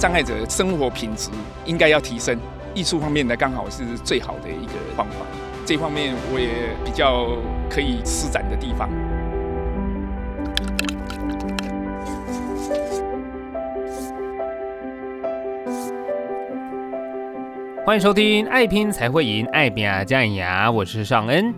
障礙者生活品質應該要提升，藝術方面呢，剛好是最好的一個方法，這方面我也比較可以施展的地方。歡迎收聽愛《愛拼才會贏》，愛拼啊，加牙！我是尚恩。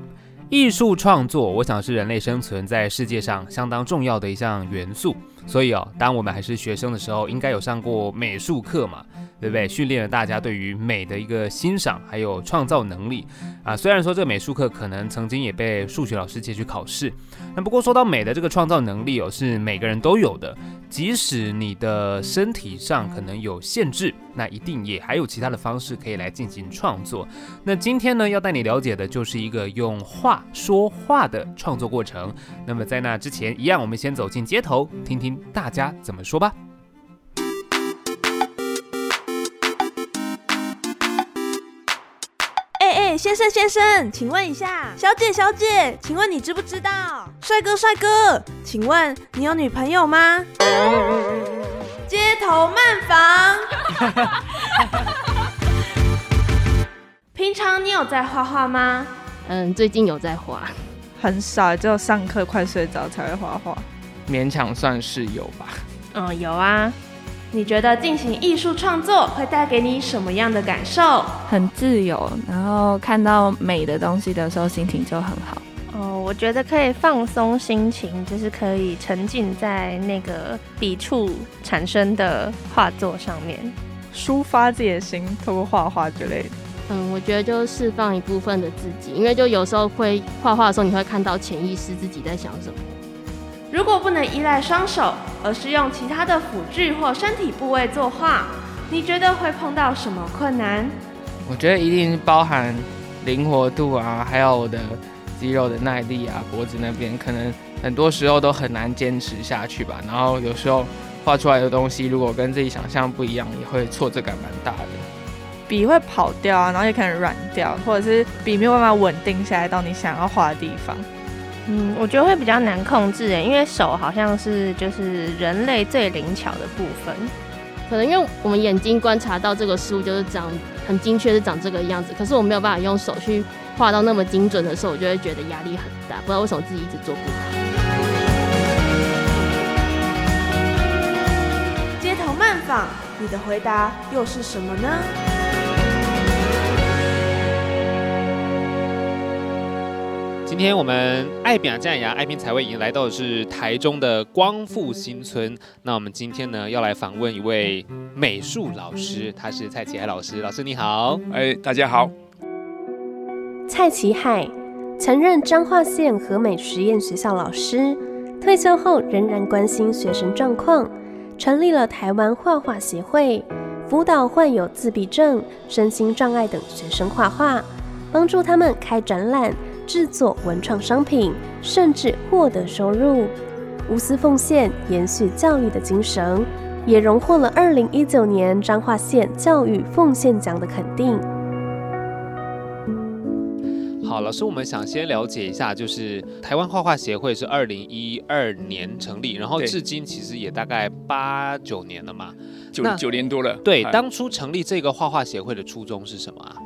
藝術創作，我想是人類生存在世界上相當重要的一項元素。所以哦，當我們還是學生的時候，應該有上過美術課嘛。對不對？訓練了大家對於美的一個欣賞，還有創造能力啊。雖然說這個美術課可能曾經也被數學老師借去考試，那不過說到美的這個創造能力哦，是每個人都有的。即使你的身體上可能有限制，那一定也還有其他的方式可以來進行創作。那今天呢，要帶你了解的就是一個用畫說話的創作過程。那麼在那之前，一樣我們先走進街頭，聽聽大家怎麼說吧。先生，先生，請問一下。小姐，小姐，請問你知不知道？帥哥，帥哥，請問你有女朋友嗎？哦哦哦哦、街頭漫房。 平常你有在畫畫嗎？嗯，最近有在畫，很少，只有上課快睡着才會畫畫，勉強算是有吧。嗯，有啊。你覺得進行藝術創作會帶給你什麼樣的感受？很自由，然後看到美的東西的時候，心情就很好。哦，我覺得可以放鬆心情，就是可以沉浸在那個筆觸產生的畫作上面，抒發自己的心，通過畫畫之類的。嗯，我覺得就是釋放一部分的自己，因為就有時候會畫畫的時候，你會看到潛意識自己在想什麼。如果不能依賴雙手，而是用其他的輔具或身體部位作畫，你覺得會碰到什麼困難？我覺得一定包含靈活度啊，還有我的肌肉的耐力啊，脖子那邊可能很多時候都很難堅持下去吧。然後有時候畫出來的東西如果跟自己想象不一樣，也會挫折感蠻大的。筆會跑掉啊，然後也可能軟掉，或者是筆沒有辦法穩定下來到你想要畫的地方。嗯，我覺得會比較難控制誒，因為手好像是就是人類最靈巧的部分，可能因為我們眼睛觀察到這個事物就是這樣很精確是長這個樣子，可是我沒有辦法用手去畫到那麼精準的時候，我就會覺得壓力很大，不知道為什麼自己一直做不好。街頭漫訪，你的回答又是什麼呢？今天我們愛表啊醬牙愛拼才會贏，來到的是台中的光復新村。那我們今天呢要來訪問一位美術老師，他是蔡啟海老師。老師你好，哎，大家好。蔡啟海曾任彰化縣和美實驗學校老師，退休後仍然關心學生狀況，成立了台灣畫話協會，輔導患有自閉症、身心障礙等學生畫畫，幫助他們開展覽，製作文創商品，甚至獲得收入，無私奉獻、延續教育的精神，也榮獲了二零一九年彰化縣教育奉獻獎的肯定。好，老師，我們想先了解一下，就是台灣畫話協會是二零一二年成立，然後至今其實也大概八九年了嘛，九九年多了。對，當初成立這個畫話協會的初衷是什麼啊？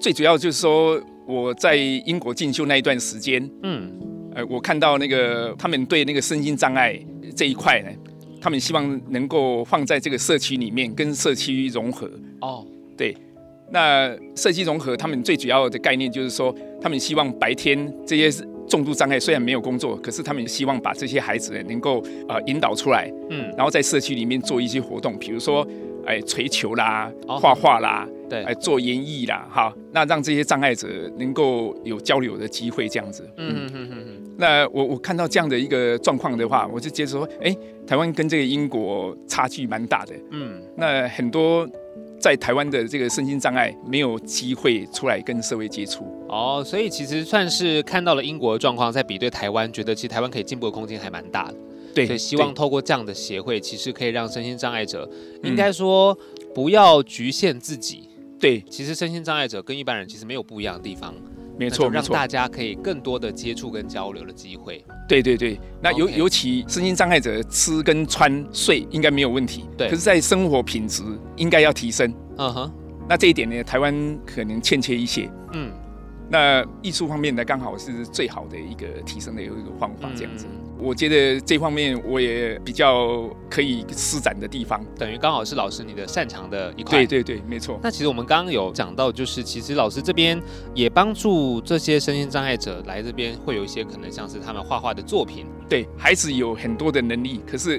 最主要就是說。我在英國進修那一段時間，嗯，呃，我看到那個他們對那個身心障礙這一塊呢，他們希望能夠放在這個社區裡面跟社區融合。哦，對，那社區融合，他們最主要的概念就是說，他們希望白天這些重度障礙雖然沒有工作，可是他們希望把這些孩子能夠呃引導出來，嗯，然後在社區裡面做一些活動，比如說。哎，錘球啦，畫畫啦、哦，對，哎，做演藝啦，哈，那讓這些障礙者能夠有交流的機會，這樣子。嗯嗯嗯嗯。那我我看到這樣的一個狀況的話，我就接着說，欸、台灣跟這個英國差距蠻大的。嗯。那很多在台灣的這個身心障礙沒有機會出來跟社會接觸。哦，所以其實算是看到了英國的狀況，在比對台灣，覺得其實台灣可以進步的空間還蠻大的。對，對，所以希望透過這樣的協會，其實可以讓身心障礙者，嗯、應該說不要局限自己。對，其實身心障礙者跟一般人其實沒有不一樣的地方，沒錯，讓大家可以更多的接觸跟交流的機會。對對對，那尤、okay. 尤其身心障礙者吃跟穿睡應該沒有問題，對。可是，在生活品質應該要提升。嗯哼，那這一點呢，台灣可能欠缺一些。嗯，那藝術方面的剛好是最好的一個提升的有一個方法，這樣子。嗯我覺得這方面我也比較可以施展的地方，等於剛好是老師你的擅長的一塊。對對對，沒錯。那其實我們剛剛有講到，就是其實老師這邊也幫助這些身心障礙者來這邊，會有一些可能像是他們畫畫的作品。對，孩子有很多的能力，可是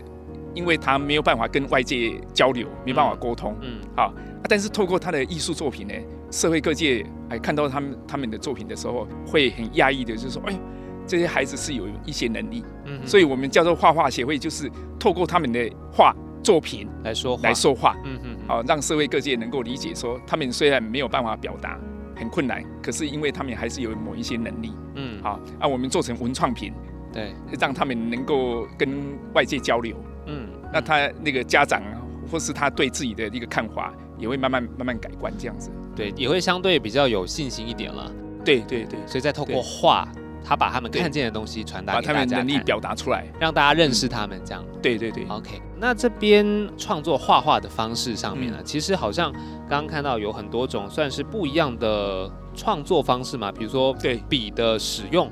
因為他沒有辦法跟外界交流，沒辦法溝通。嗯，嗯好、啊。但是透過他的藝術作品呢，社會各界還、哎、看到他們他們的作品的時候，會很訝異的就是，就說哎。這些孩子是有一些能力，嗯，嗯，所以我們叫做畫話協會，就是透過他們的畫作品來說話來說話，嗯嗯，嗯，啊、嗯哦，讓社會各界能夠理解說，他們雖然沒有辦法表達，很困難，可是因為他們還是有某一些能力，嗯、哦，好，啊，我們做成文創品，對，讓他們能夠跟外界交流，嗯，嗯，那他那個家長或是他對自己的一個看法，也會慢慢慢慢改觀，這樣子，對，也會相對比較有信心一點了，對對對，所以再透過畫。他把他們看見的東西傳達給大家他們能力表達出來，讓大家認識他們這樣。嗯、對對對。OK，那這邊創作畫畫的方式上面呢、啊嗯，其實好像剛剛看到有很多種算是不一樣的創作方式嘛，比如說對筆的使用，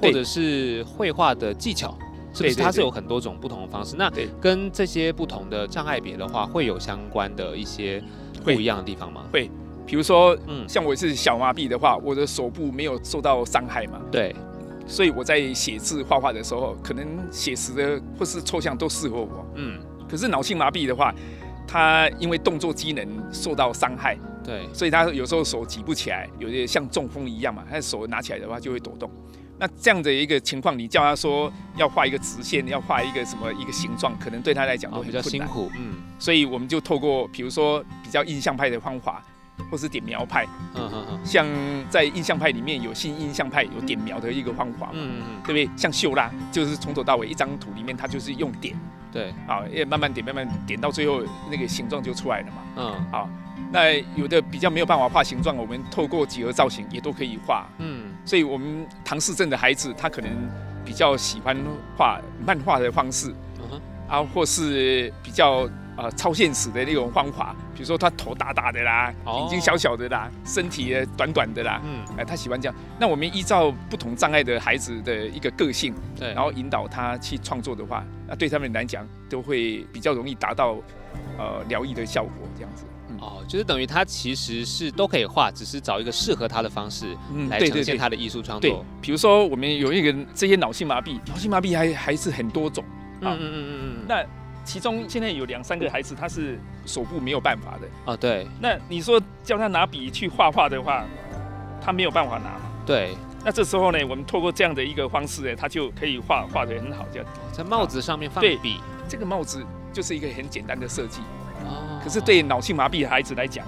或者是繪畫的技巧，所以它是有很多種不同的方式？對對對那跟這些不同的障礙別的話，會有相關的一些不一樣的地方嗎？會，比如說，嗯，像我是小麻痹的話，我的手部沒有受到傷害嘛？對。所以我在寫字、畫畫的時候，可能寫實的或是抽象都適合我。嗯，可是腦性麻痹的話，他因為動作機能受到傷害，對，所以他有時候手舉不起來，有點像中風一樣嘛。他的手拿起來的話就會抖動。那這樣的一個情況，你叫他說要畫一個直線，要畫一個什麼一個形狀，可能對他來講都比較辛苦。嗯，所以我們就透過比如說比較印象派的方法。或是點描派，像在印象派裡面有新印象派，有點描的一個方法嘛，對不對？像秀拉就是從頭到尾一張圖裡面，它就是用點，對，啊，也慢慢點慢慢點到最後那個形狀就出來了嘛，嗯，啊，那有的比較沒有辦法畫形狀，我們透過幾何造型也都可以畫，嗯，所以我們唐氏症的孩子他可能比較喜歡畫漫畫的方式，啊，或是比較。呃，超現實的那種方法，比如說他頭大大的啦，oh. 眼睛小小的啦，身體短短的啦，嗯，哎，他喜歡這樣。那我們依照不同障礙的孩子的一個個性，對，然後引導他去創作的話，那對他們來講都會比較容易達到呃療癒的效果，這樣子。哦、嗯，oh, 就是等於他其實是都可以畫，只是找一個適合他的方式來呈現他的藝術創作。對,對,對,對，比如說我們有一個這些腦性麻痹，腦性麻痹還還是很多種，啊，嗯嗯嗯嗯，啊、那。其中現在有兩三個孩子，他是手部沒有辦法的啊、哦。對。那你說叫他拿筆去畫畫的話，他沒有辦法拿嘛。對。那這時候呢，我們透過這樣的一個方式呢，他就可以畫畫得很好。在帽子上面放筆。這個帽子就是一個很簡單的設計。哦。可是對腦性麻痹的孩子來講，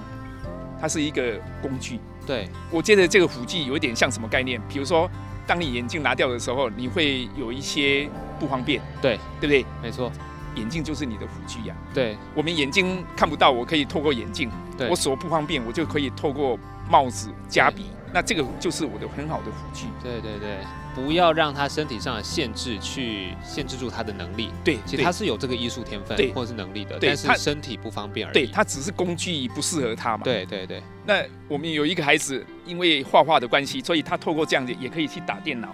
它是一個工具。對。我覺得這個輔具有一點像什麼概念？比如說，當你眼鏡拿掉的時候，你會有一些不方便。對。對不對？沒錯。眼鏡就是你的輔具呀、啊。對。我們眼睛看不到，我可以透過眼鏡。對。我手不方便，我就可以透過帽子加、夾筆。那這個就是我的很好的輔具。對對對。不要讓他身體上的限制去限制住他的能力。對。其實他是有這個藝術天分或者是能力的，但是身體不方便而已。對，他，對他只是工具不適合他嘛。對對對。那我們有一個孩子，因為畫畫的關係，所以他透過這樣子也可以去打電腦。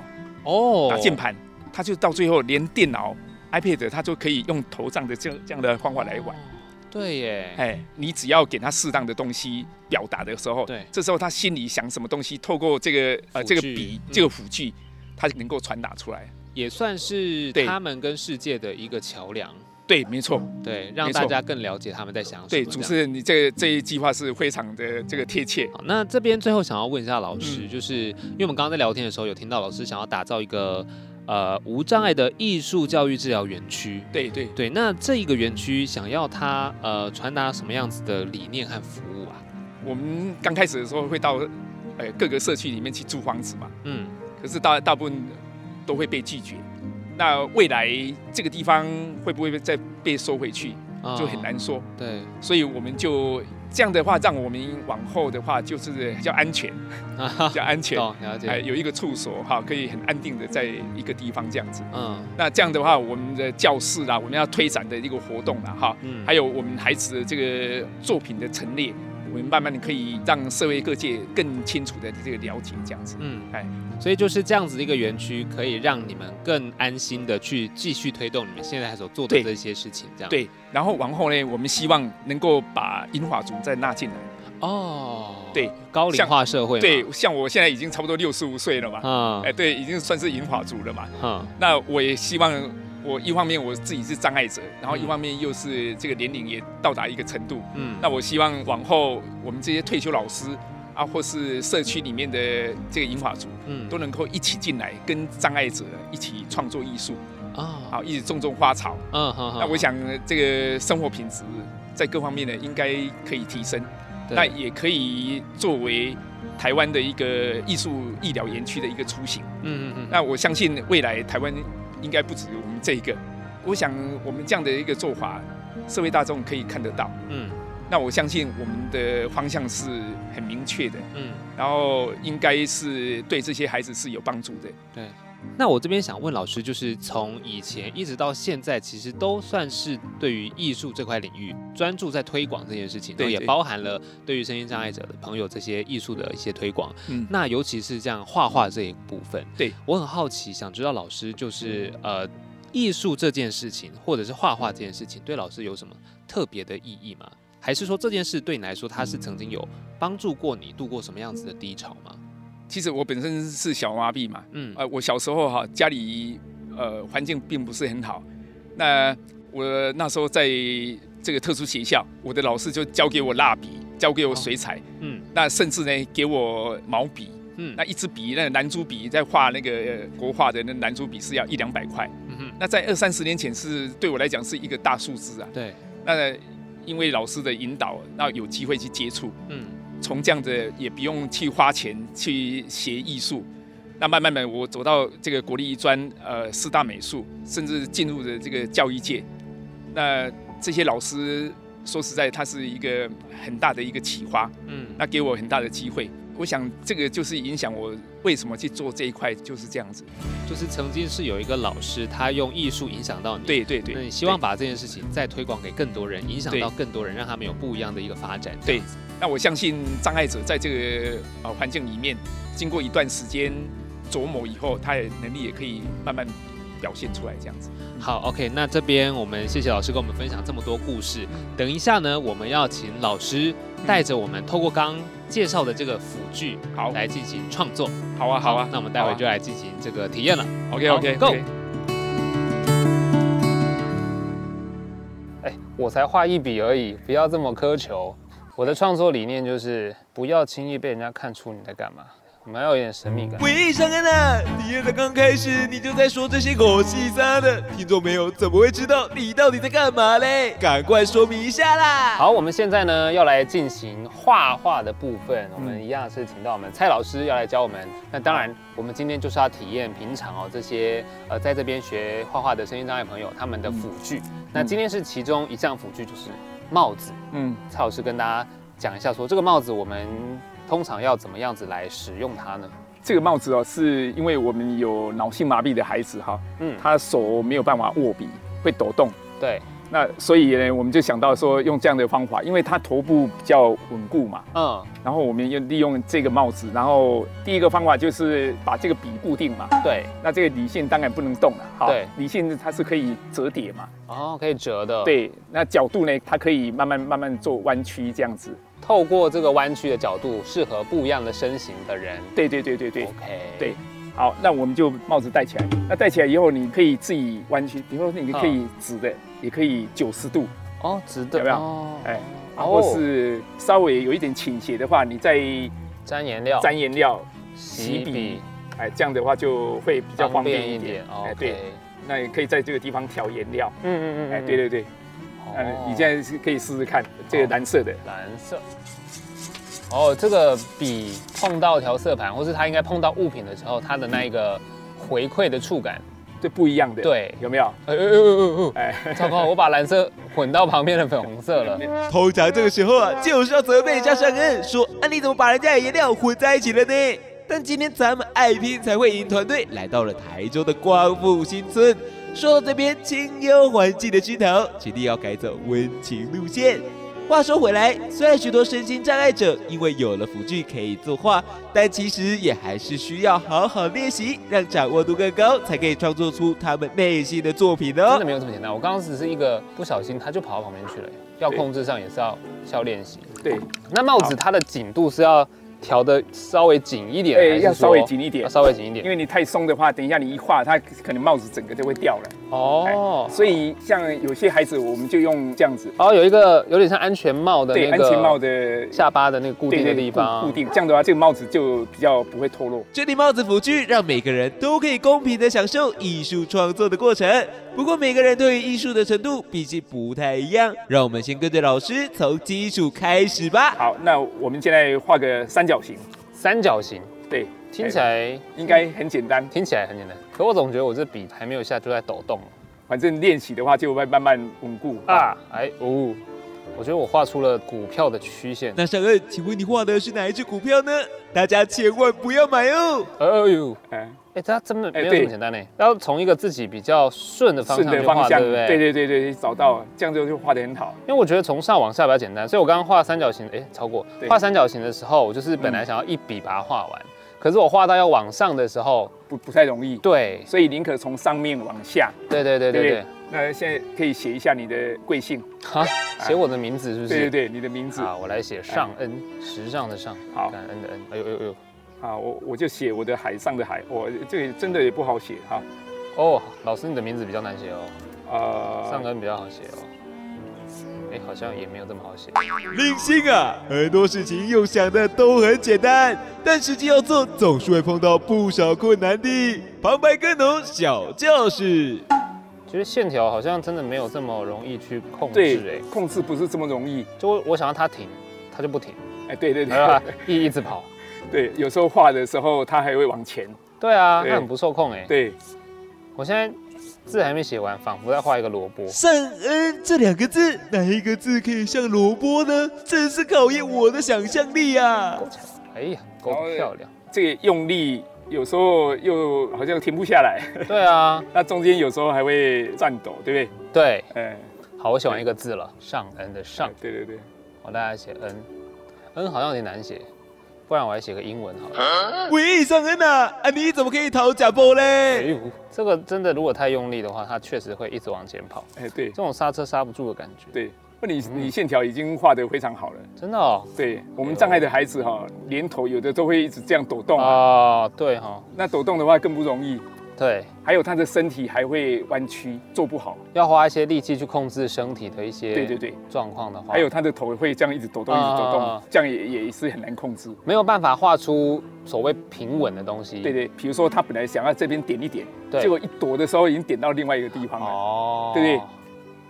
哦。打鍵盤，他就到最後連電腦。iPad，他就可以用頭上的這樣這樣的方法來玩。對耶，哎，你只要給他適當的東西表達的時候，對，這時候他心裡想什麼東西，透過這個呃，這個筆、嗯、這個輔具，他就能夠傳達出來。也算是他們跟世界的一個橋樑。對，對，嗯、沒錯，對，讓大家更了解他們在想什麼、嗯。對、嗯，主持人，你這個這一計劃是非常的這個貼切。好，那這邊最後想要問一下老師、嗯，就是因為我們剛剛在聊天的時候有聽到老師想要打造一個。呃，無障礙的藝術教育治療園區，對，對對對。那這一個園區想要它呃，傳達什麼樣子的理念和服務啊？我們剛開始的時候會到，呃，各個社區裡面去租房子嘛。嗯。可是大大部分都會被拒絕。那未來這個地方會不會再被收回去，就很難說。哦，對。所以我們就。這樣的話，讓我們往後的話就是比較安全，啊，比較安全， 哦、有一個處所哈，可以很安定的在一個地方這樣子，嗯。那這樣的話，我們的教室啦，我們要推展的一個活動啦，哈，還有我們孩子的這個作品的陳列。我們慢慢你可以讓社會各界更清楚的這個了解這樣子，嗯，哎，所以就是這樣子一個園區，可以讓你們更安心的去繼續推動你們現在所做的這些事情，這樣對。對，然後往後呢，我們希望能夠把銀髮族再納進來。哦，對，像高齡化社會，對，像我現在已經差不多六十五歲了嘛，啊、嗯，哎、欸，對，已經算是銀髮族了嘛，嗯，那我也希望。我一方面我自己是障礙者，然後一方面又是這個年齡也到達一個程度，嗯，那我希望往後我們這些退休老師啊，或是社區裡面的這個銀髮族，嗯，都能夠一起進來跟障礙者一起創作藝術，啊、哦，好，一起種種花草，嗯，好，那我想這個生活品質在各方面呢，應該可以提升，對，那也可以作為，台灣的一個藝術醫療園區的一個雛形。嗯嗯嗯。那我相信未來台灣應該不止我們這一個。我想我們這樣的一個做法，社會大眾可以看得到。嗯。那我相信我們的方向是很明確的。嗯。然後應該是對這些孩子是有幫助的。對、嗯。那我這邊想問老師，就是從以前一直到現在，其實都算是對於藝術這塊領域專注在推廣這件事情，對，也包含了對於身心障礙者的朋友這些藝術的一些推廣。嗯，那尤其是這樣畫畫這一部分、嗯，對我很好奇，想知道老師就是呃，藝術這件事情，或者是畫畫這件事情，對老師有什麼特別的意義嗎？還是說這件事對你來說，它是曾經有幫助過你度過什麼樣子的低潮嗎？其實我本身是小兒麻痺嘛，嗯，呃，我小時候哈、啊、家裡呃環境並不是很好，那我那時候在這個特殊學校，我的老師就教給我蠟筆，教給我水彩、哦，嗯，那甚至呢給我毛筆，嗯，那一支筆，那個蘭竹筆，在畫那個國畫的那蘭竹筆是要一兩百塊，嗯哼，那在二三十年前是對我來講是一個大數字啊，對，那因為老師的引導，那有機會去接觸，嗯。從這樣子也不用去花錢去學藝術，那慢慢的我走到這個國立藝專，呃，四大美術，甚至進入了這個教育界，那這些老師說實在，他是一個很大的一個啟發，嗯，那給我很大的機會。我想這個就是影響我為什麼去做這一塊就是這樣子，就是曾經是有一個老師，他用藝術影響到你。對對對。那你希望把這件事情再推廣給更多人，影響到更多人，讓他們有不一樣的一個發展。對。那我相信障礙者在這個呃環境裡面，經過一段時間琢磨以後，他的能力也可以慢慢表現出來這樣子。好，OK，那這邊我們謝謝老師跟我們分享這麼多故事。等一下呢，我們要請老師帶着我們透過剛。介紹的這個輔具，好，來進行創作。好啊，好啊，那我們待會就來進行這個體驗了。OK，OK，Go、okay。哎、okay, okay 欸，我才畫一筆而已，不要這麼苛求。我的創作理念就是，不要輕易被人家看出你在幹嘛。還要有點神秘感。詭異什麼呢？體驗的剛開始，你就在說這些狗屁啥的，聽眾沒有怎麼會知道你到底在幹嘛嘞？趕快說明一下啦！好，我們現在呢要來進行畫畫的部分，我們一樣是請到我們蔡老師要來教我們。那當然，我們今天就是要體驗平常哦、喔、這些呃在這邊學畫畫的身心障礙朋友他們的輔具。那今天是其中一項輔具就是帽子。嗯，蔡老師跟大家講一下，說這個帽子我們。通常要怎麼樣子來使用它呢？這個帽子哦，是因為我們有腦性麻痹的孩子哈，嗯，他手沒有辦法握筆，會抖動。對，那所以呢，我們就想到說用這樣的方法，因為他頭部比較穩固嘛，嗯，然後我們又利用這個帽子，然後第一個方法就是把這個筆固定嘛。對，那這個鋁線當然不能動了哈。對，鋁線它是可以折疊嘛。哦，可以折的。對，那角度呢，它可以慢慢慢慢做彎曲這樣子。透過這個彎曲的角度，適合不一樣的身形的人。對對對對對。OK。對，好，那我們就帽子戴起來。那戴起來以後，你可以自己彎曲，比如說你可以直的，嗯、也可以九十度。哦，直的。有沒有？哦、哎，然、啊、後是稍微有一點傾斜的話，你再沾顏料，沾顏料,料，洗筆。哎，這樣的話就會比較方便一點。哦、okay. 哎，對。那也可以在這個地方調顏料。嗯,嗯嗯嗯。哎，對對對。嗯，你現在是可以試試看、哦、這個藍色的藍色。哦，這個筆碰到調色盤，或是它應該碰到物品的時候，它的那一個回饋的觸感，就、嗯、不一樣的。對，有沒有？哎、呃、糟、呃、糕、呃呃呃， 我把藍色混到旁邊的粉紅色了。 通常這個時候啊，就是要責備一下聖人，說啊，你怎麼把人家的顏料混在一起了呢？但今天咱們愛拼才會贏，團隊來到了台中的光復新村。說這邊，清幽環境的枝頭決定要改走溫情路線。話說回來，雖然許多身心障礙者因為有了輔具可以作畫，但其實也還是需要好好練習，讓掌握度更高，才可以創作出他們內心的作品哦。真的沒有這麼簡單，我剛剛只是一個不小心，他就跑到旁邊去了，要控制上也是要需要練習。對，那帽子它的緊度是要，調的稍微緊一點，對，要稍微緊一點，稍微緊一點，因為你太鬆的話，等一下你一畫，它可能帽子整個就會掉了。哦、oh，所以像有些孩子，我們就用這樣子。哦、oh，有一個有點像安全帽的、的、的對，安全帽的下巴的那個固定的地方，對對對固、固定。這樣的話，這個帽子就比較不會脫落。這頂帽子輔具讓每個人都可以公平地享受藝術創作的過程。不過，每個人對於藝術的程度畢竟不太一樣。讓我們先跟着老師從基礎開始吧。好，那我們現在畫個三角形。三角形，對，聽起來應該很簡單，聽起來很簡單。可我總覺得我這筆還沒有下就在抖動，反正練習的話就會慢慢穩固。啊，哎、啊欸、哦，我覺得我畫出了股票的曲線。那小恩，請問你畫的是哪一支股票呢？大家千萬不要買哦！哎、呃、呦，哎、呃，哎、欸，它真的沒有那、欸、麼簡單誒、欸，要從一個自己比較順的方向去畫，對不對？對對對對對找到，嗯、這樣就就畫得很好。因為我覺得從上往下比較簡單，所以我剛剛畫三角形，哎、欸，超過。畫三角形的時候，我就是本來想要一筆把它畫完。嗯可是我畫到要往上的時候，不不太容易。對，所以寧可從上面往下。對對對對對，對。那現在可以寫一下你的貴姓？哈，寫我的名字是不是？對對對，你的名字。啊，我來寫尚恩，時尚的尚，好，感恩的恩。哎呦哎呦哎呦。好，我我就寫我的海上的海。我這個真的也不好寫哈。哦，老師，你的名字比較難寫哦。啊、呃。尚恩比較好寫哦。哎、欸，好像也沒有這麼好寫。明星啊，很多事情又想的都很簡單，但實際要做，總是會碰到不少困難的。旁白：更多，小教室。其實線條好像真的沒有這麼容易去控制、欸，哎，控制不是這麼容易。就我想要它停，它就不停。哎、欸，對對對。一一直跑。對，有時候畫的時候它還會往前。對啊，它很不受控、欸，哎。對。我現在。字還沒寫完，仿佛在畫一個蘿蔔。上，恩、嗯、這兩個字，哪一個字可以像蘿蔔呢？真是考驗我的想象力啊！哎、欸、呀，夠漂亮好！這個用力有時候又好像停不下來。對啊， 那中間有時候還會顫抖，對不對？對，嗯、好，我寫完一個字了，嗯、上恩、嗯、的上、哎。對對對，我大家寫恩，恩好像有點難寫。不然我還寫個英文好了。喂，上恩啊，你怎麼可以逃假波嘞？這個真的如果太用力的話，它確實會一直往前跑。哎，對，這種剎車剎不住的感覺、欸對。對，不你、嗯、你線條已經畫得非常好了。真的哦、喔。對我們障礙的孩子哈、喔，喔、連頭有的都會一直這樣抖動啊。啊對哈、喔，那抖動的話更不容易。對，還有他的身體還會彎曲，做不好，要花一些力氣去控制身體的一些狀況的對對對狀況的話，還有他的頭會這樣一直抖動、呃，一直抖動，這樣也也是很難控制，沒有辦法畫出所謂平穩的東西。對對，對，比如說他本來想要這邊點一點，結果一躲的時候已經點到另外一個地方了，哦、對，對對，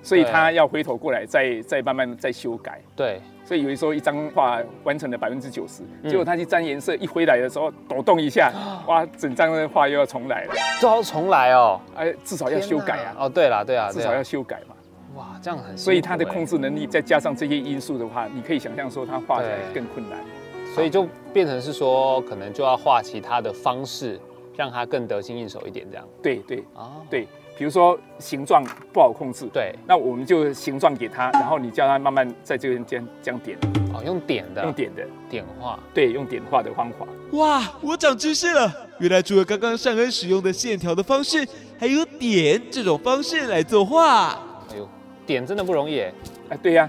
所以他要回頭過來再，再再慢慢再修改。對。所以以為說一張畫完成了百分之九十，結果他去沾顏色，一回來的時候抖動一下，哇，整張的畫又要重來了，都要重來哦，哎，至少要修改啊，哦，對了，對啊，至少要修改嘛，哇，這樣很，所以他的控制能力再加上這些因素的話，你可以想象說他畫起來更困難，所以就變成是說可能就要畫其他的方式，讓他更得心應手一點，這樣，對，對啊，對，對。比如說形狀不好控制，對，那我們就形狀給他，然後你叫他慢慢在這邊這樣，這樣點。哦，用點的，用點的點畫，對，用點畫的方法。哇，我長知識了，原來除了剛剛善恩使用的線條的方式，還有點這種方式來作畫。哎呦，點真的不容易。哎、啊，對呀、啊，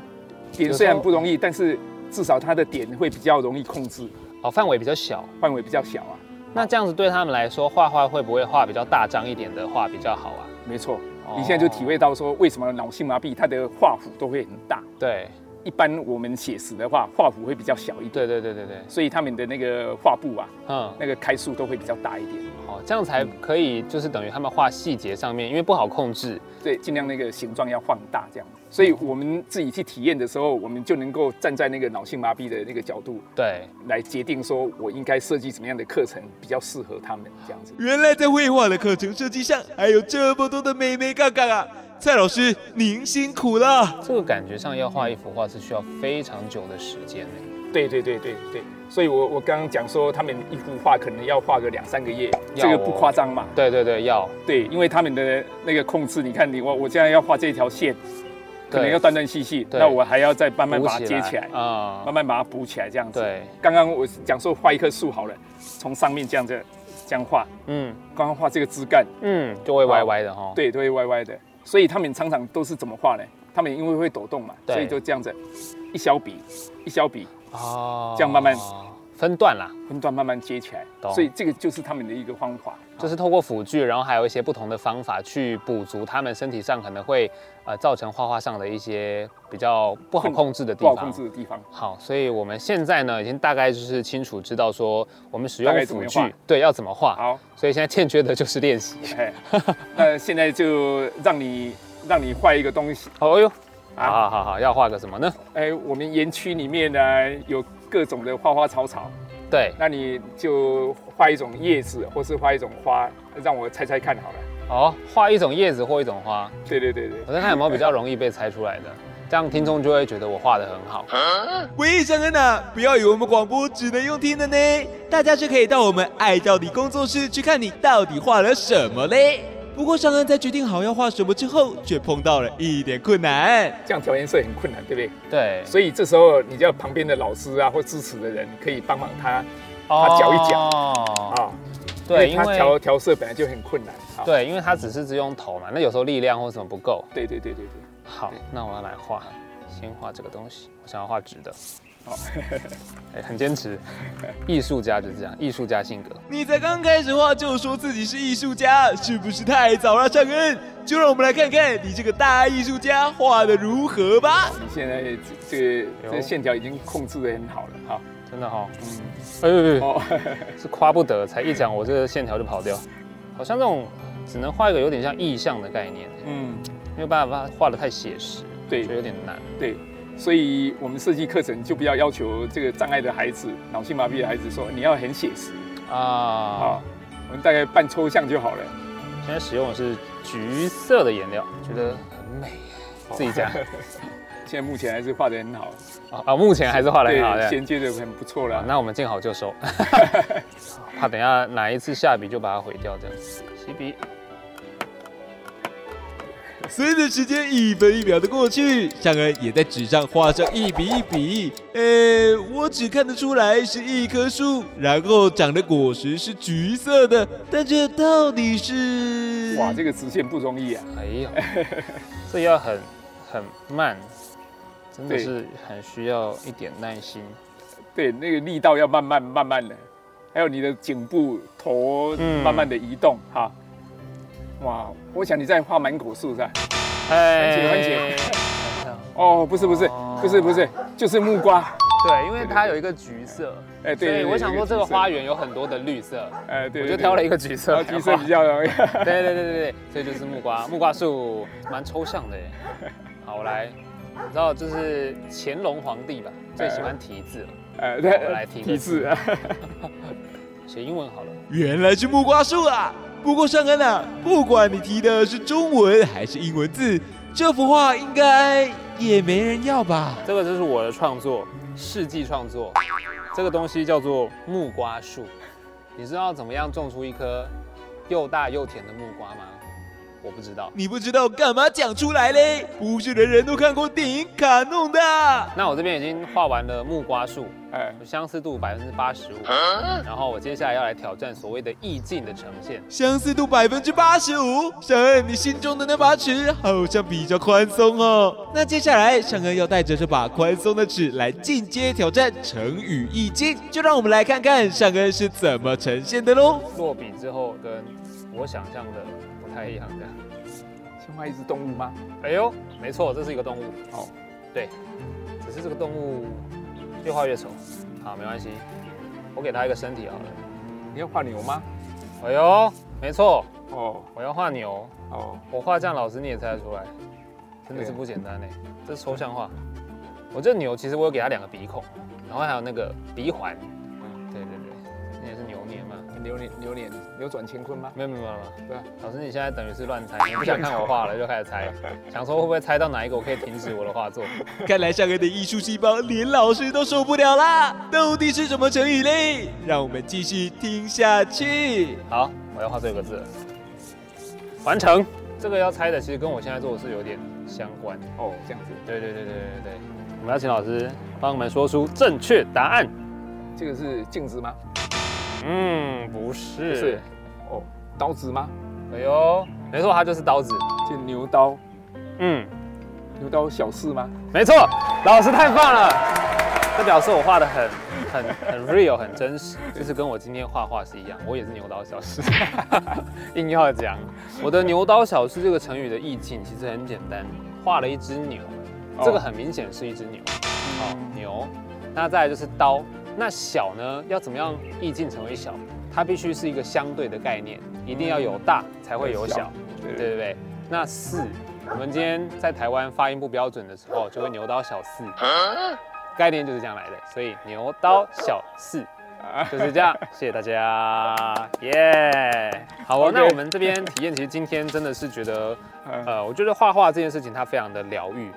點雖然不容易，但是至少它的點會比較容易控制。哦，範圍比較小，範圍比較小啊。那這樣子對他們來說，畫畫會不會畫比較大張一點的畫比較好啊？沒錯，你現在就體會到說為什麼腦性麻痹他的畫幅都會很大。對，一般我們寫實的話，畫幅會比較小一點。對對對對對。所以他們的那個畫布啊，嗯，那個開數都會比較大一點。哦，這樣才可以，就是等於他們畫細節上面，因為不好控制，對，盡量那個形狀要放大這樣。所以我們自己去體驗的時候，我們就能夠站在那個腦性麻痹的那個角度，對，來決定說我應該設計什麼樣的課程比較適合他們這樣子。原來在繪畫的課程設計上還有這麼多的眉眉角角啊！蔡老師您辛苦了。這個感覺上要畫一幅畫是需要非常久的時間對,對對對對對，所以我，我我剛剛講說，他們一幅畫可能要畫個兩三個月，這個不誇張嘛？對對對，要對，因為他們的那個控制，你看你，你我我現在要畫這條線，可能要斷斷續續，那我還要再慢慢把它接起來啊、嗯，慢慢把它補起來這樣子。剛剛我講說畫一棵樹好了，從上面這樣子這樣畫，嗯，剛剛畫這個枝幹，嗯，就會歪歪的哈、哦。對，都會歪歪的。所以他們常常都是怎麼畫呢？他們因為會抖動嘛，所以就這樣子，一小筆一小筆。哦，這樣慢慢分段啦，分段慢慢接起來，所以這個就是他們的一個方法，啊，就是透過輔具，然後還有一些不同的方法去補足他們身體上可能會呃造成畫畫上的一些比較不好控制的地方，不好控制的地方。好，所以我們現在呢，已經大概就是清楚知道說我們使用輔具，對，要怎麼畫。好，所以現在欠缺的就是練習。 那現在就讓你讓你畫一個東西。好，哎呦。好好好好，啊、要畫個什麼呢？哎、欸，我們園區裡面呢，有各種的花花草草。對，那你就畫一種葉子，或是畫一種花，讓我猜猜看好了。哦，畫一種葉子或一種花。對對對對，我在看有沒有比較容易被猜出來的，嗯、這樣聽眾就會覺得我畫得很好。喂，先生啊！不要以為我們廣播只能用聽的呢，大家就可以到我們礙到底工作室去看你到底畫了什麼嘞。不過，尚恩在決定好要畫什麼之後，卻碰到了一點困難。這樣調顏色很困難，對不對？對。所以這時候，你叫旁邊的老師啊，或支持的人可以幫忙他，嗯、他攪一攪哦，對，因為他調調色本來就很困難。哦、對，因為他只是只用頭嘛，那有時候力量或什麼不夠。對，對對對對對。好，那我要來畫，先畫這個東西。我想要畫直的。哎、 欸，很堅持，藝術家就是這樣，藝術家性格。你才剛開始畫就說自己是藝術家，是不是太早了，尚恩？就讓我們來看看你這個大藝術家畫得如何吧。你現在這個這個線條已經控制得很好了，哈，真的哈、哦，嗯，哎呦呦，哦、 是誇不得，才一講我這個線條就跑掉，好像這種只能畫一個有點像意象的概念、欸，嗯，沒有辦法畫得太寫實，對，就有點難，對。所以，我們設計課程就不要要求這個障礙的孩子、腦性麻痹的孩子說你要很寫實啊好我們大概半抽象就好了。現在使用的是橘色的顏料，覺得很美。哦、自己講，現在目前還是畫得很好。啊、哦、啊，目前還是畫得很好，銜接的很不錯了、啊。那我們見好就收， 怕等一下哪一次下筆就把它毀掉的。洗筆。隨着時間一分一秒的過去，尚兒也在紙上畫上一筆一筆。呃、欸，我只看得出來是一棵樹，然後長的果實是橘色的。但這到底是……哇，這個直線不容易啊！哎呦，這要很很慢，真的是很需要一點耐心。對，對那個力道要慢慢慢慢的，還有你的頸部、頭慢慢的移動、嗯、哈。哇，我想你在畫芒果樹噻，哎、hey,，哦，oh, 不是不是、oh. 不是不是，就是木瓜。對，因為它有一個橘色。哎、欸，對，對，對，我想說這個花園有很多的綠色。哎、欸，對，對，對，我就挑了一個橘色。對對對，橘色比較容易。對對對對對，這就是木瓜， 木瓜樹蠻抽象的耶。好，我來，你知道就是乾隆皇帝吧？最喜歡題字了。哎、欸，對，我來題字。寫、啊、 英文好了。原來是木瓜樹啊。不過上安，啊，上哥娜，不管你提的是中文還是英文字，這幅畫應該也沒人要吧？這個就是我的創作，世紀創作。這個東西叫做木瓜樹。你知道怎麼樣種出一棵又大又甜的木瓜嗎？我不知道，你不知道幹嘛講出來嘞？不是人人都看過電影卡弄的啊。那我這邊已經畫完了木瓜樹，哎，相似度百分之八十五。然後我接下來要來挑戰所謂的意境的呈現，相似度百分之八十五。小恩，你心中的那把尺好像比較寬鬆哦。那接下來尚恩要帶着這把寬鬆的尺來進階挑戰成語意境，就讓我們來看看尚恩是怎麼呈現的嘍。落筆之後，跟我想象的。哎呀的，先畫一隻動物嗎？哎呦，沒錯，這是一個動物。好、哦，對，只是這個動物越畫越醜。好，沒關係，我給他一個身體好了。你要畫牛嗎？哎呦，沒錯。哦，我要畫牛。哦，我畫這樣，老師你也猜得出來，真的是不簡單呢、欸。這是抽象畫。我這牛其實我有給他兩個鼻孔，然後還有那個鼻環。扭扭扭，扭轉乾坤嗎？沒有沒有沒有，對啊。老師，你現在等於是亂猜，你不想看我畫了，就開始猜， 想說會不會猜到哪一個，我可以停止我的畫作。 看來上海的藝術細胞，連老師都受不了啦！到底是什麼成語嘞？讓我們繼續聽下去。好，我要畫這個字，完成。這個要猜的，其實跟我現在做的是有點相關哦。這樣子。對對對對對對對。我們要請老師幫我們說出正確答案。這個是鏡子嗎？嗯，不是，不是，哦，刀子嗎？哎呦，沒錯，它就是刀子，就牛刀。嗯，牛刀小試嗎？沒錯，老師太棒了，這 表示我畫的很、很、很 real， 很真實，就是跟我今天畫畫是一樣，我也是牛刀小試。 硬要講，我的牛刀小試這個成語的意境其實很簡單，畫了一只牛，這個很明顯是一只牛，哦、好牛，那再來就是刀。那小呢，要怎麼樣意境成為小？它必須是一個相對的概念，一定要有大才會有小，對，對不對？那四，我們今天在台灣發音不標準的時候，就會牛刀小四，概念就是這樣來的。所以牛刀小四就是這樣。謝謝大家，耶、yeah! 啊！好哦，那我們這邊體驗，其實今天真的是覺得，呃，我覺得畫畫這件事情它非常的療癒。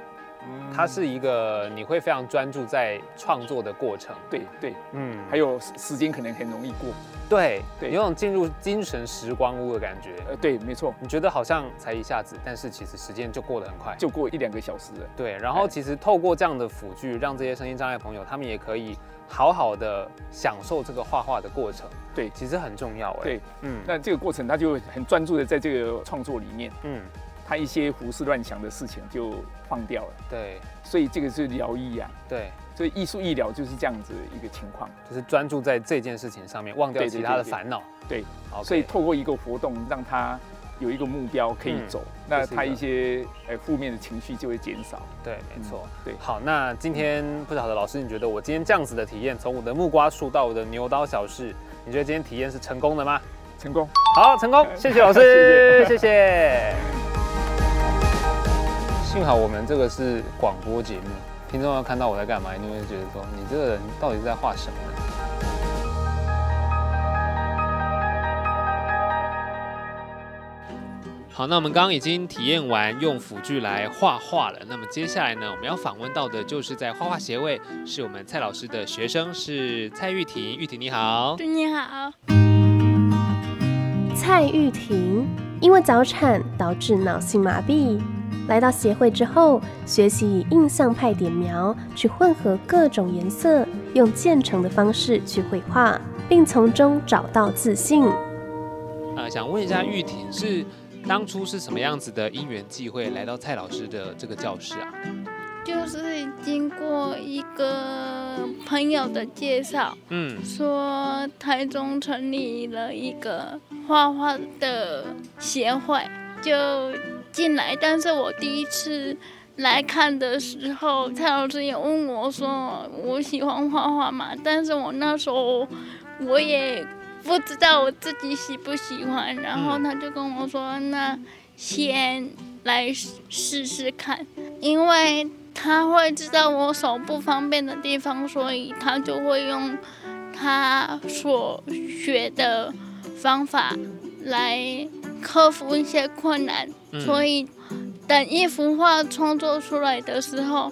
嗯、它是一個你會非常專注在創作的過程，對對，嗯，還有時間可能很容易過，對對，有種進入精神時光屋的感覺，呃，對，沒錯，你覺得好像才一下子，但是其實時間就過得很快，就過一兩個小時了，對。然後其實透過這樣的輔具，讓這些身心障礙朋友，他們也可以好好的享受這個畫畫的過程，對，其實很重要，欸，哎，對，嗯，那這個過程他就很專注的在這個創作裡面，嗯，他一些胡思亂想的事情就。放掉了，對，所以這個是療癒啊，對，所以藝術醫療就是這樣子一個情況，就是專注在這件事情上面，忘掉其他的煩惱，對，對 okay. 所以透過一個活動讓他有一個目標可以走，嗯、那他一些負面的情緒就會減少，對，嗯、沒錯，對，好，那今天不曉得老師，你覺得我今天這樣子的體驗，從我的木瓜樹到我的牛刀小試，你覺得今天體驗是成功的嗎？成功，好，成功，謝謝老師， 謝謝。謝謝幸好我們這個是廣播節目，聽眾要看到我在幹嘛，一定會覺得說你這個人到底是在畫什麼呢？好，那我們剛剛已經體驗完用輔具來畫畫了，那麼接下來呢，我們要訪問到的就是在畫話協會，是我們蔡老師的學生，是蔡玉婷。玉婷你好，你好。蔡玉婷因為早產導致腦性麻痹。來到協會之後，學習以印象派點描去混合各種顏色，用漸層的方式去繪畫，並從中找到自信。呃，想問一下玉婷，是當初是什麼樣子的因緣際會來到蔡老師的這個教室啊？就是經過一個朋友的介紹，嗯，說台中成立了一個畫畫的協會，就。進來，但是我第一次來看的時候，蔡老師也問我說：“我喜歡畫畫嘛？”但是我那時候，我也不知道我自己喜不喜歡。然後他就跟我說：“那先來試試看，因為他會知道我手不方便的地方，所以他就會用他所學的方法來。”克服一些困難，嗯，所以等一幅畫創作出來的時候，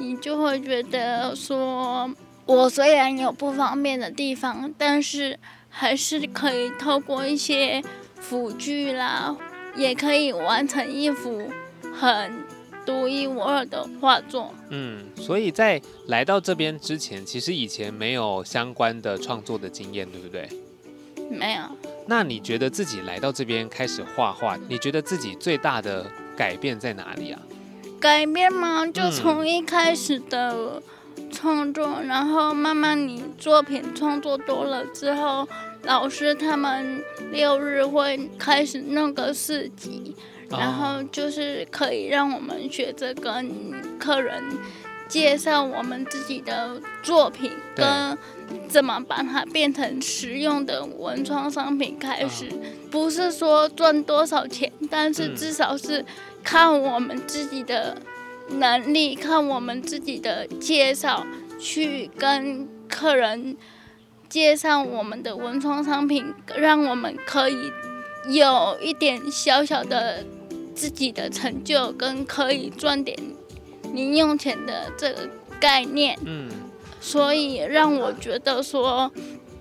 你就會覺得說，我雖然有不方便的地方，但是還是可以透過一些輔具啦，也可以完成一幅很獨一無二的畫作。嗯，所以在來到這邊之前，其實以前沒有相關的創作的經驗，對不對？沒有。那你覺得自己來到這邊開始畫畫，你覺得自己最大的改變在哪裡啊？改變嗎？就從一開始的創作、嗯，然後慢慢你作品創作多了之後，老師他們六日會開始弄個四級、哦，然後就是可以讓我們學着、這個、跟客人。介紹我們自己的作品，跟怎麼把它變成實用的文創商品開始，不是說賺多少錢，但是至少是看我們自己的能力，看我們自己的介紹，去跟客人介紹我們的文創商品，讓我們可以有一點小小的自己的成就，跟可以賺點。零用錢的這個概念，嗯，所以讓我覺得說，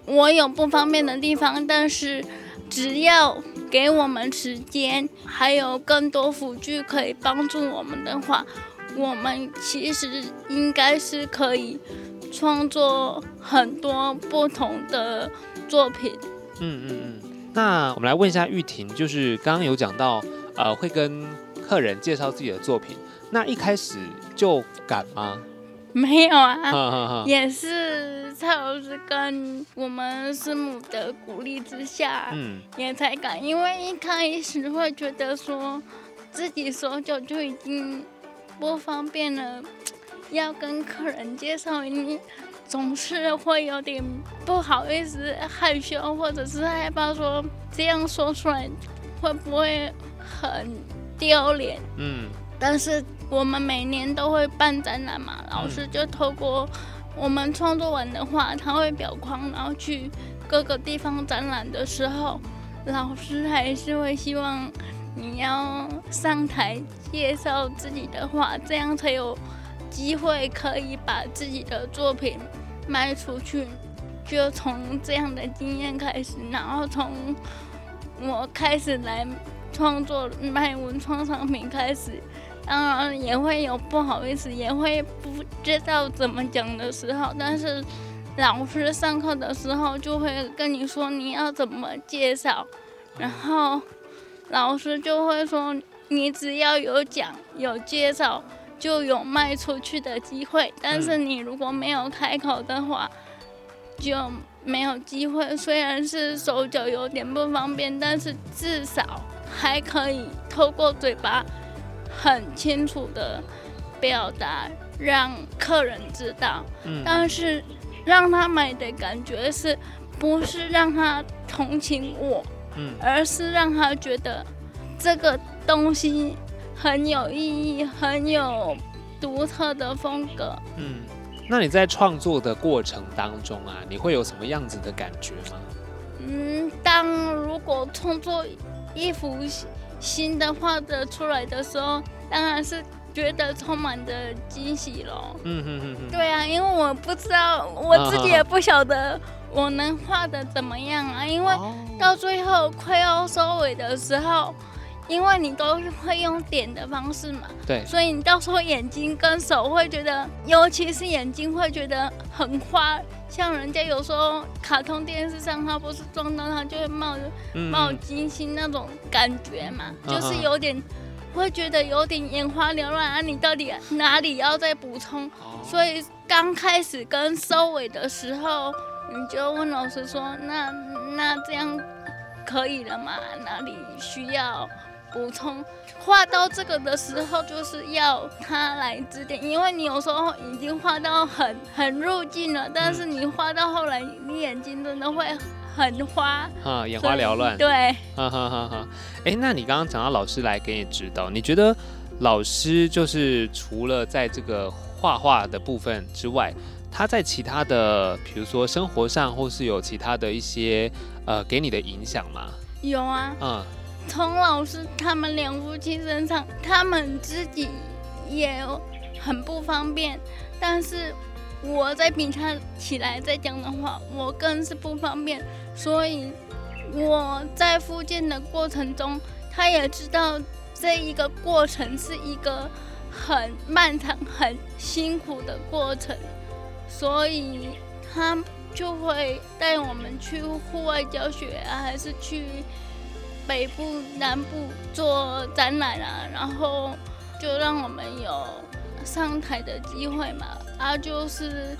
我有不方便的地方，但是只要給我們時間，還有更多輔具可以幫助我們的話，我們其實應該是可以創作很多不同的作品。嗯嗯嗯。那我們來問一下玉婷，就是剛剛有講到，呃，會跟客人介紹自己的作品。那一開始就敢嗎？沒有啊， 也是蔡老師跟我們師母的鼓勵之下，嗯，也才敢。因為一開始會覺得說，自己手腳就，就已經不方便了，要跟客人介紹，你總是會有點不好意思，害羞，或者是害怕說這樣說出來會不會很丟臉。嗯，但是。我們每年都會辦展覽嘛，老師就透過我們創作完的畫，他會裱框，然後去各個地方展覽的時候，老師還是會希望你要上台介紹自己的畫，這樣才有機會可以把自己的作品賣出去。就從這樣的經驗開始，然後從我開始來創作，賣文創商品開始。當然、呃、也會有不好意思，也會不知道怎麼講的時候。但是老師上課的時候就會跟你說，你要怎麼介紹，然後老師就會說，你只要有講有介紹就有賣出去的機會。但是你如果沒有開口的話就沒有機會。雖然是手腳有點不方便，但是至少還可以透過嘴巴。很清楚的表達，讓客人知道。嗯、但是讓他買的感覺是，不是讓他同情我，嗯，而是讓他覺得這個東西很有意義，很有獨特的風格。嗯，那你在創作的過程當中啊，你會有什麼樣子的感覺嗎？嗯，當如果創作一幅。新的畫的出來的時候，當然是覺得充滿着驚喜咯。 對啊，因為我不知道，我自己也不曉得我能畫的怎麼樣啊，因為到最後快要收尾的時候。因為你都會用點的方式嘛，對，所以你到時候眼睛跟手會覺得，尤其是眼睛會覺得很花，像人家有時候卡通電視上，它不是撞到它就會冒冒金星那種感覺嘛，嗯、就是有點啊啊會覺得有點眼花繚亂，啊，你到底哪裡要再補充？哦。所以剛開始跟收尾的時候，你就問老師說，那那這樣可以了嗎？哪裡需要？補充畫到這個的時候，就是要他來指點，因為你有時候已經畫到很很入鏡了，但是你畫到後來，你眼睛真的會很花啊、嗯，眼花繚亂。對，哈哈哈哈哎，那你剛剛講到老師來給你指導，你覺得老師就是除了在這個畫畫的部分之外，他在其他的，比如說生活上，或是有其他的一些呃給你的影響嗎？有啊，嗯。從老師他們兩夫妻身上，他們自己也很不方便。但是我在比他起來再講的話，我更是不方便。所以我在復健的過程中，他也知道這一個過程是一個很漫長、很辛苦的過程。所以他就會帶我們去戶外教學啊，還是去。北部、南部做展覽啊，然後就讓我們有上台的機會嘛。啊，就是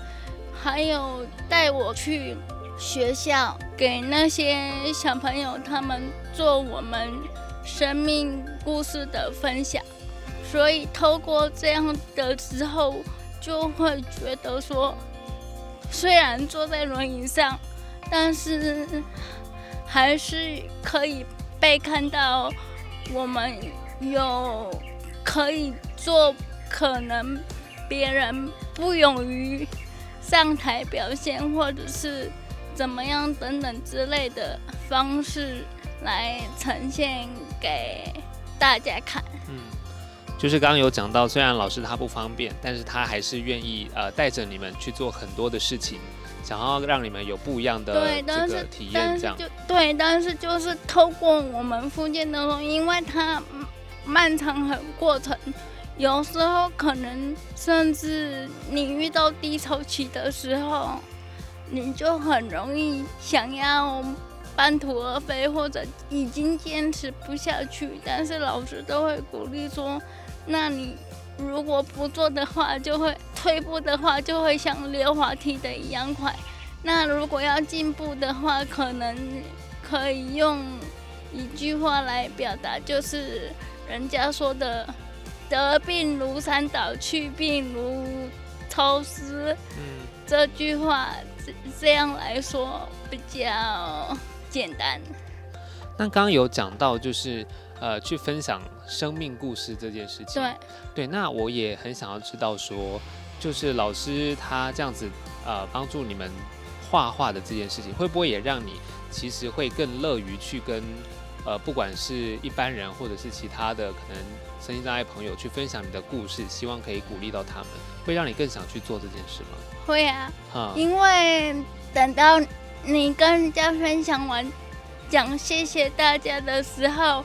還有帶我去學校，給那些小朋友他們做我們生命故事的分享。所以透過這樣的之後，就會覺得說，雖然坐在輪椅上，但是還是可以。被看到，我們有可以做，可能別人不勇於上台表現，或者是怎麼樣等等之類的方式，來呈現給大家看。嗯，就是剛剛有講到，雖然老師他不方便，但是他還是願意呃帶着你們去做很多的事情。想要讓你們有不一樣的這個體驗，這樣，對，但是，但是就對。但是就是透過我們附近的路，因為它，漫長的過程，有時候可能甚至你遇到低潮期的時候，你就很容易想要半途而廢，或者已經堅持不下去。但是老師都會鼓勵說：“那你。”如果不做的話，就會退步的話，就會像溜滑梯的一樣快。那如果要進步的話，可能可以用一句話來表達，就是人家說的“得病如山倒，去病如抽絲”。嗯，這句話這這樣來說比較簡單。那剛剛有講到，就是。呃，去分享生命故事這件事情，對，對。那我也很想要知道說，說就是老師他這樣子呃，幫助你們畫畫的這件事情，會不會也讓你其實會更樂於去跟呃，不管是一般人或者是其他的可能身心障礙朋友去分享你的故事，希望可以鼓勵到他們，會讓你更想去做這件事嗎？會啊，嗯，因為等到你跟人家分享完，講謝謝大家的時候。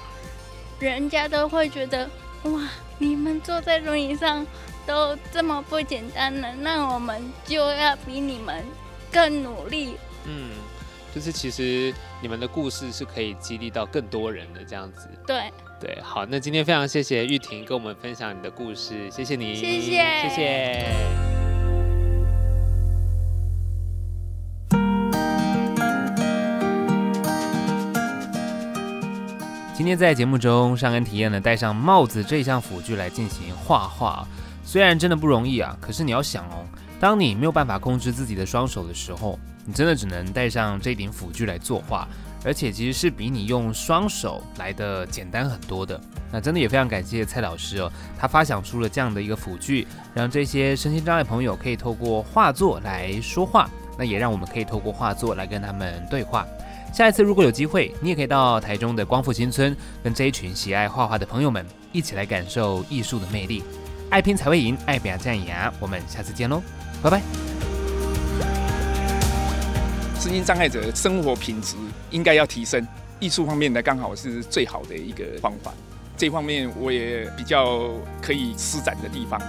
人家都會覺得，哇，你們坐在輪椅上都這麼不簡單了，那我們就要比你們更努力。嗯，就是其實你們的故事是可以激勵到更多人的，這樣子。對對，好，那今天非常謝謝玉婷跟我們分享你的故事，謝謝你，謝謝謝謝。今天在節目中，上根體驗了戴上帽子這項輔具來進行畫畫啊。雖然真的不容易啊，可是你要想哦，當你沒有辦法控制自己的雙手的時候，你真的只能戴上這頂輔具來作畫，而且其實是比你用雙手來的簡單很多的。那真的也非常感謝蔡老師哦，他發想出了這樣的一個輔具，讓這些身心障礙的朋友可以透過畫作來說話，那也讓我們可以透過畫作來跟他們對話。下一次如果有機會，你也可以到台中的光復新村，跟這一群喜愛畫畫的朋友們一起來感受藝術的魅力。愛拼才會贏，愛表揚讚揚。我們下次見嘍，拜拜。身心障礙者生活品質應該要提升，藝術方面呢，剛好是最好的一個方法。這方面我也比較可以施展的地方。